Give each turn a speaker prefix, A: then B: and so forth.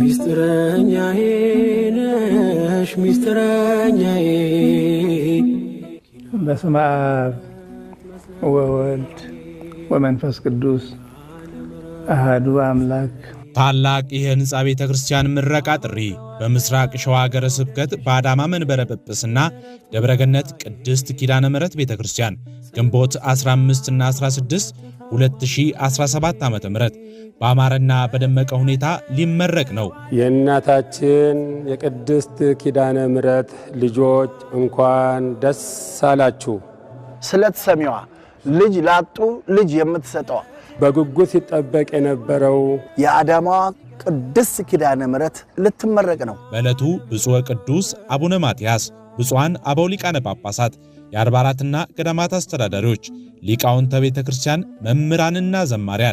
A: ሚስጥረኛሽ ነሽ ሚስጥረኛዬ። በስመ አብ ወወልድ ወመንፈስ ቅዱስ አህዱ አምላክ።
B: ታላቅ የህንፃ ቤተ ክርስቲያን ምረቃ ጥሪ በምስራቅ ሸዋ ሀገረ ስብከት በአዳማ መንበረ ጵጵስና ደብረገነት ቅድስት ኪዳነ ምሕረት ቤተ ክርስቲያን ግንቦት 15 እና 16 2017 ዓ.ም በአማረና በደመቀ ሁኔታ ሊመረቅ ነው።
A: የእናታችን የቅድስት ኪዳነ ምረት ልጆች እንኳን ደስ አላችሁ።
C: ስለት ሰሚዋ ልጅ ላጡ ልጅ የምትሰጠዋ
A: በጉጉት ሲጠበቅ የነበረው
C: የአዳማዋ ቅድስት ኪዳነ ምረት ልትመረቅ ነው።
B: በዕለቱ ብፁዕ ቅዱስ አቡነ ማትያስ፣ ብፁዓን አበው ሊቃነ ጳጳሳት የአድባራትና ገዳማት አስተዳዳሪዎች፣ ሊቃውንተ ቤተ ክርስቲያን፣ መምህራንና ዘማሪያን